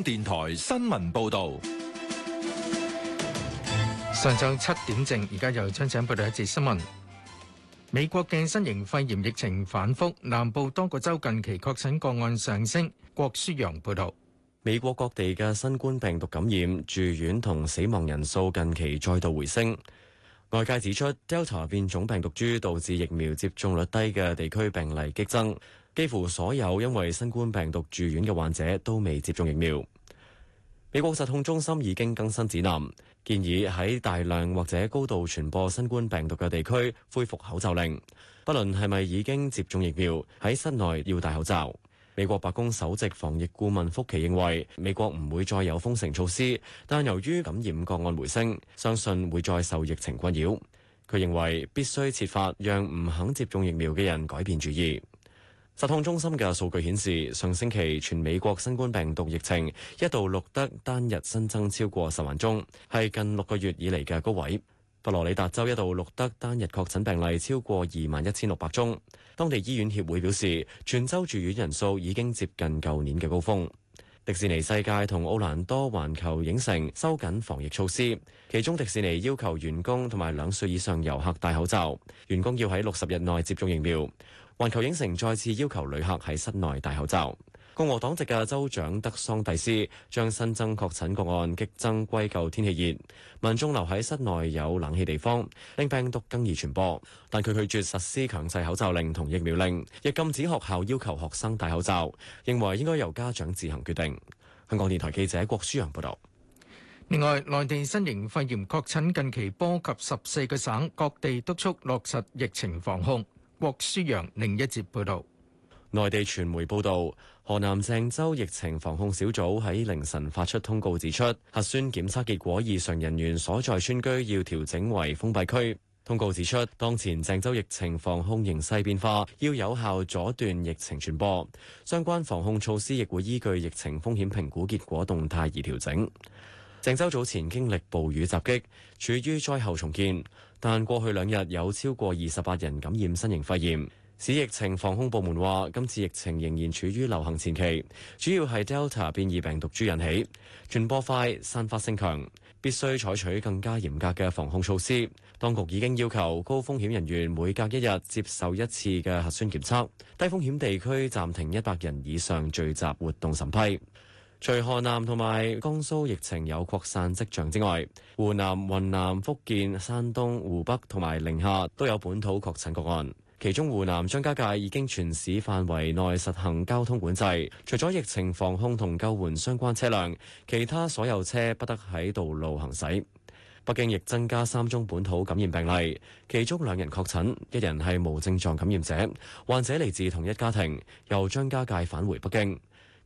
香港電台新聞報道，上晝七點正，而家有張姐報道一節新聞。美國嘅新型肺炎疫情反覆，南部多個州近期確診個案上升。郭舒揚報道，美國各地嘅新冠病毒感染、住院同死亡人數近期再度回升。外界指出，Delta 變種病毒株導致疫苗接種率低嘅地區病例激增。幾乎所有因為新冠病毒住院嘅患者都未接種疫苗。美國疾控中心已經更新指南，建議喺大量或者高度傳播新冠病毒嘅地區恢復口罩令，不論係咪已經接種疫苗，喺室內要戴口罩。美國白宮首席防疫顧問福奇認為，美國唔會再有封城措施，但由於感染個案回升，相信會再受疫情困擾。佢認為必須設法讓唔肯接種疫苗嘅人改變主意。疾控中心嘅數據顯示，上星期全美國新冠病毒疫情一度錄得單日新增超過十萬宗，係近六個月以嚟嘅高位。佛羅里達州一度錄得單日確診病例超過二萬一千六百宗，當地醫院協會表示，全州住院人數已經接近舊年嘅高峰。迪士尼世界同奧蘭多環球影城收緊防疫措施，其中迪士尼要求員工同埋兩歲以上遊客戴口罩，員工要喺六十日內接種疫苗。環球影城再次要求旅客喺室內戴口罩。共和黨籍嘅州長德桑蒂斯將新增確診個案激增歸咎天氣熱，民眾留喺室內有冷氣地方，令病毒更易傳播。但佢拒絕實施強制口罩令同疫苗令，亦禁止學校要求學生戴口罩，認為應該由家長自行決定。香港電台記者郭舒揚報道。另外，內地新型肺炎確診近期波及十四個省，各地督促落實疫情防控。郭書陽另一節報道。內地傳媒報道，河南鄭州疫情防控小組喺凌晨發出通告指出，核酸檢測結果異常人員所在村居要調整為封閉區。通告指出，當前鄭州疫情防控形勢變化，要有效阻斷疫情傳播，相關防控措施亦會依據疫情風險評估結果動態而調整。鄭州早前經歷暴雨襲擊，處於災後重建。但過去兩日有超過二十八人感染新型肺炎，市疫情防控部門話：今次疫情仍然處於流行前期，主要係 Delta 變異病毒株引起，傳播快、散發性強，必須採取更加嚴格嘅防控措施。當局已經要求高風險人員每隔一日接受一次嘅核酸檢測，低風險地區暫停一百人以上聚集活動審批。除河南同埋江蘇疫情有擴散跡象之外，湖南、雲南、福建、山東、湖北同埋寧夏都有本土確診個案。其中湖南張家界已經全市範圍內實行交通管制，除咗疫情防控同救援相關車輛，其他所有車不得喺道路行駛。北京亦增加三宗本土感染病例，其中兩人確診，一人係無症狀感染者，患者嚟自同一家庭，由張家界返回北京。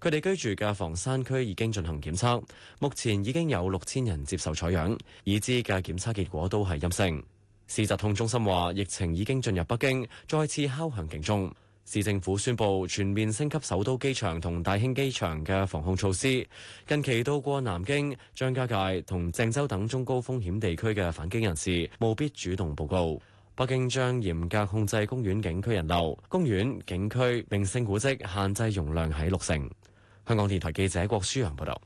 佢哋居住嘅房山區已經進行檢測，目前已經有六千人接受採樣，已知嘅檢測結果都係陰性。市疾控中心話，疫情已經進入北京，再次敲響警鐘。市政府宣布全面升級首都機場同大興機場嘅防控措施。近期到過南京、張家界同鄭州等中高風險地區嘅返京人士，務必主動報告。北京將嚴格控制公園景區人流，公園景區名勝古蹟限制容量喺六成。香港電台記者郭舒揚報道，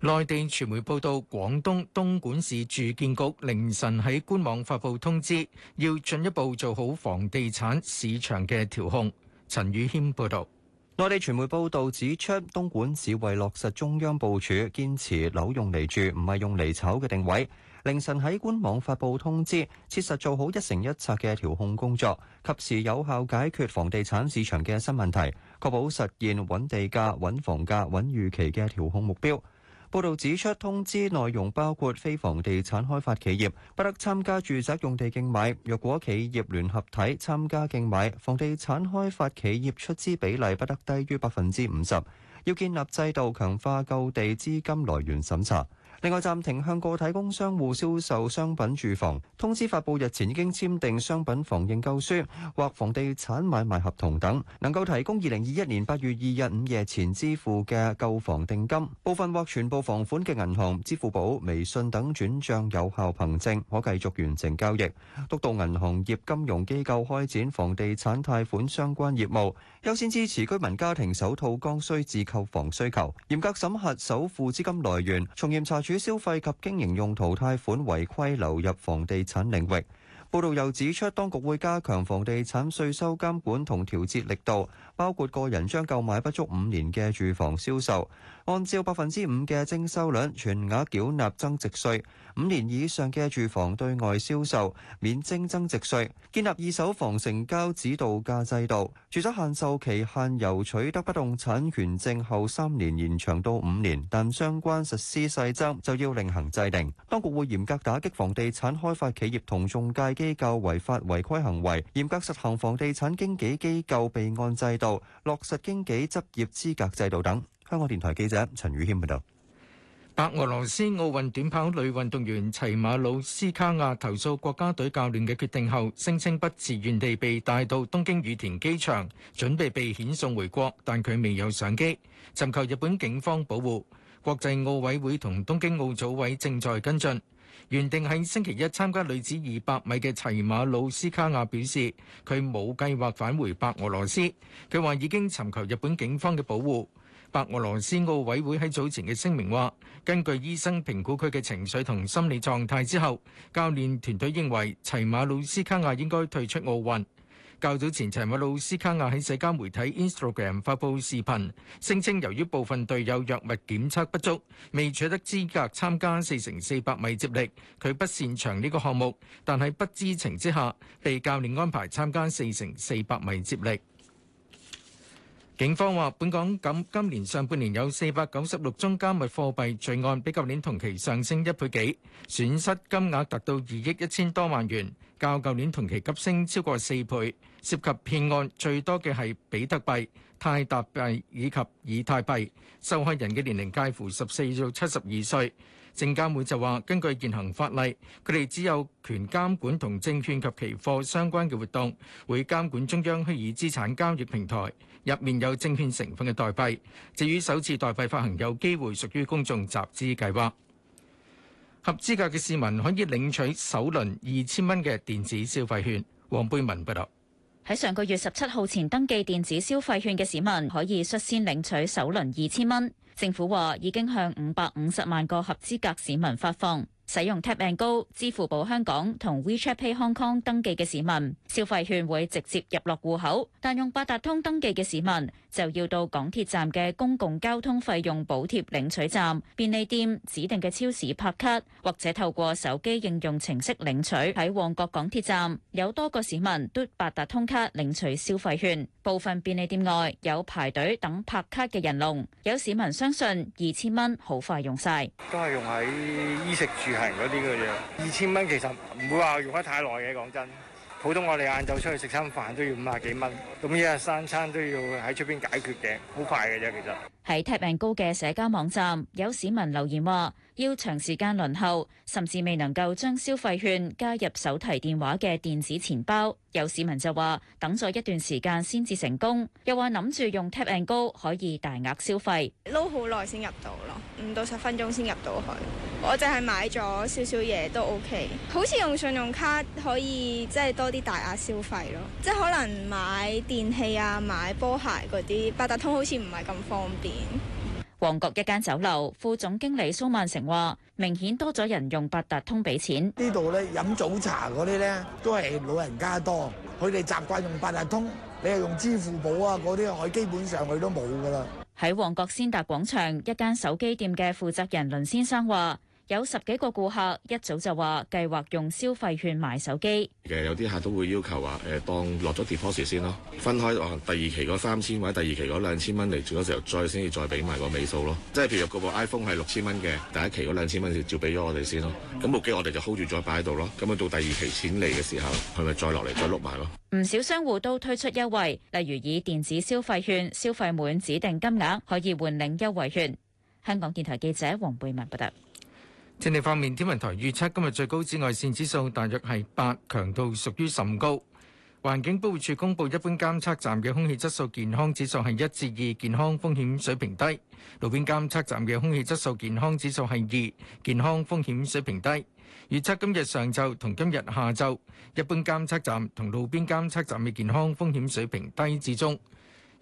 內地傳媒報道，廣東東莞市住建局凌晨喺官網發布通知，要進一步做好房地產市場嘅調控。陳宇謙報道，內地傳媒報道指出，東莞市為落實中央部署，堅持樓用嚟住，唔係用嚟炒嘅定位。凌晨喺官網發布通知，切實做好一城一策嘅調控工作，及時有效解決房地產市場嘅新問題，確保實現穩地價、穩房價、穩預期嘅調控目標。報道指出，通知內容包括非房地產開發企業不得參加住宅用地競買，若果企業聯合體參加競買，房地產開發企業出資比例不得低於百分之五十；要建立制度，強化購地資金來源審查。另外，暫停向個體工商戶銷售商品住房，通知發布日前已經簽訂商品房認購書或房地產買賣合同等，能夠提供二零二一年八月二日午夜前支付嘅購房定金，部分或全部房款嘅銀行、支付寶、微信等轉賬有效憑證，可繼續完成交易。督導銀行業金融機構開展房地產貸款相關業務，優先支持居民家庭首套剛需自購房需求，嚴格審核首付資金來源，從嚴查主消費及經營用途貸款違規流入房地產領域。報道又指出，當局會加強房地產稅收監管同調節力度，包括個人將購買不足五年嘅住房銷售，按照百分之五嘅徵收率全額繳納增值稅；五年以上嘅住房對外銷售免徵增值稅。建立二手房成交指導價制度，住宅限售期限由取得不動產權證後三年延長到五年，但相關實施細則就要另行制定。當局會嚴格打擊房地產開發企業同中介。機構違法違規行為，嚴格實行房地產經紀機構備案制度，落實經紀執業資格制度等。香港電台記者陳宇謙報道。白俄羅斯奧運短跑女運動員齊馬魯斯卡亞投訴國家隊教練嘅決定後，聲稱不自願地被帶到東京羽田機場，準備被遣送回國，但佢未有上機，尋求日本警方保護。國際奧委會同東京奧組委正在跟進。原定喺星期一參加女子二百米嘅齊馬魯斯卡亞表示，佢冇計劃返回白俄羅斯。佢話已經尋求日本警方嘅保護。白俄羅斯奧委會喺早前嘅聲明話，根據醫生評估佢嘅情緒同心理狀態之後，教練團隊認為齊馬魯斯卡亞應該退出奧運。較早前，柴馬魯斯卡亞喺社交媒體 Instagram 發布視頻，聲稱由於部分隊友藥物檢測不足，未取得資格參加四乘四百米接力，佢不擅長呢個項目，但喺不知情之下，被教練安排參加四乘四百米接力。警方話：本港咁今年上半年有四百九十六宗加密貨幣罪案，比舊年同期上升一倍幾，損失金額達到二億一千多萬元，較舊年同期急升超過四倍。涉及騙案最多嘅係比特幣、泰達幣以及以太幣。受害人嘅年齡介乎十四到七十二歲。證監會就話：根據現行法例，佢哋只有權監管同證券及期貨相關嘅活動，會監管中央虛擬資產交易平台入面有證券成分嘅代幣。至於首次代幣發行有機會屬於公眾集資計劃，合資格嘅市民可以領取首輪二千蚊嘅電子消費券。黃貝文報導，喺上個月十七號前登記電子消費券嘅市民，可以率先領取首輪二千蚊。政府話已經向五百五十萬個合資格市民發放，使用 Tap and Go、支付寶香港同 WeChat Pay Hong Kong 登記嘅市民，消費券會直接入落戶口，但用八達通登記嘅市民，就要到港鐵站嘅公共交通費用補貼領取站、便利店指定嘅超市拍卡，或者透過手機應用程式領取。喺旺角港鐵站有多個市民嘟八達通卡領取消費券，部分便利店外有排隊等拍卡嘅人龍。有市民相信二千蚊好快用晒，都係用喺衣食住行嗰啲嘅嘢。二千蚊其實唔會話用得太耐嘅，講真。普通我哋晏晝出去食餐飯都要五啊幾蚊，咁一日三餐都要喺出邊解決嘅，好快嘅啫。其實喺 Tap and Go 嘅社交網站有市民留言話，哦。要長時間輪候，甚至未能夠將消費券加入手提電話嘅電子錢包。有市民就話等咗一段時間先至成功，又話諗住用 tap and go 可以大額消費。撈好耐先入到咯，五到十分鐘先入到去。我淨係買咗少少嘢都 OK，好似用信用卡可以即係多啲大額消費咯，即係可能買電器啊、買波鞋嗰啲八達通好似唔係咁方便。旺角一間酒樓副總經理蘇萬成話：明顯多咗人用八達通俾錢。呢度咧飲早茶嗰啲咧都係老人家多，佢哋習慣用八達通，你係用支付寶啊、嗰啲，我基本上佢都冇噶啦。喺旺角先達廣場一間手機店嘅負責人林先生話。有十幾個顧客一早就話計劃用消費券買手機。誒有啲客都會要求話誒、呃、當落咗 deposit 先咯，分開第二期嗰三千或者第二期嗰兩千蚊嚟住嗰時候，再先至再俾埋個尾數咯。即係譬如嗰部 iPhone 係六千蚊嘅，第一期嗰兩千蚊就照俾咗我哋先咯。咁部機我哋就 hold 住再擺喺度咯。咁啊到第二期錢嚟嘅時候，佢咪再落嚟再碌埋咯。唔少商戶都推出優惠，例如以電子消費券消費滿指定金額可以換領優惠券。香港電台記者黃貝文報道。天氣方面，天文台預測今日最高紫外線指數大約係八，強度屬於甚高。環境保護署公布一般監測站嘅空氣質素健康指數係一至二，健康風險水平低；路邊監測站嘅空氣質素健康指數係二，健康風險水平低。預測今日上晝同今日下晝，一般監測站同路邊監測站嘅健康風險水平低至中。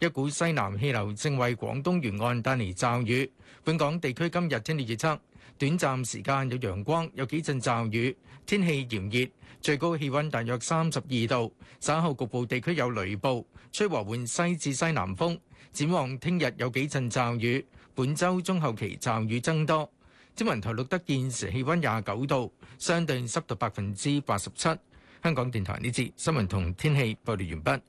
一股西南氣流正為廣東沿岸帶嚟驟雨，本港地區今日天氣預測。短暫時間有陽光，有幾陣驟雨，天氣炎熱，最高氣温大約三十二度。稍後局部地區有雷暴，吹和緩西至西南風。展望聽日有幾陣驟雨，本週中後期驟雨增多。天文台錄得現時氣温廿九度，相對濕度百分之八十七。香港電台呢節新聞同天氣報道完畢。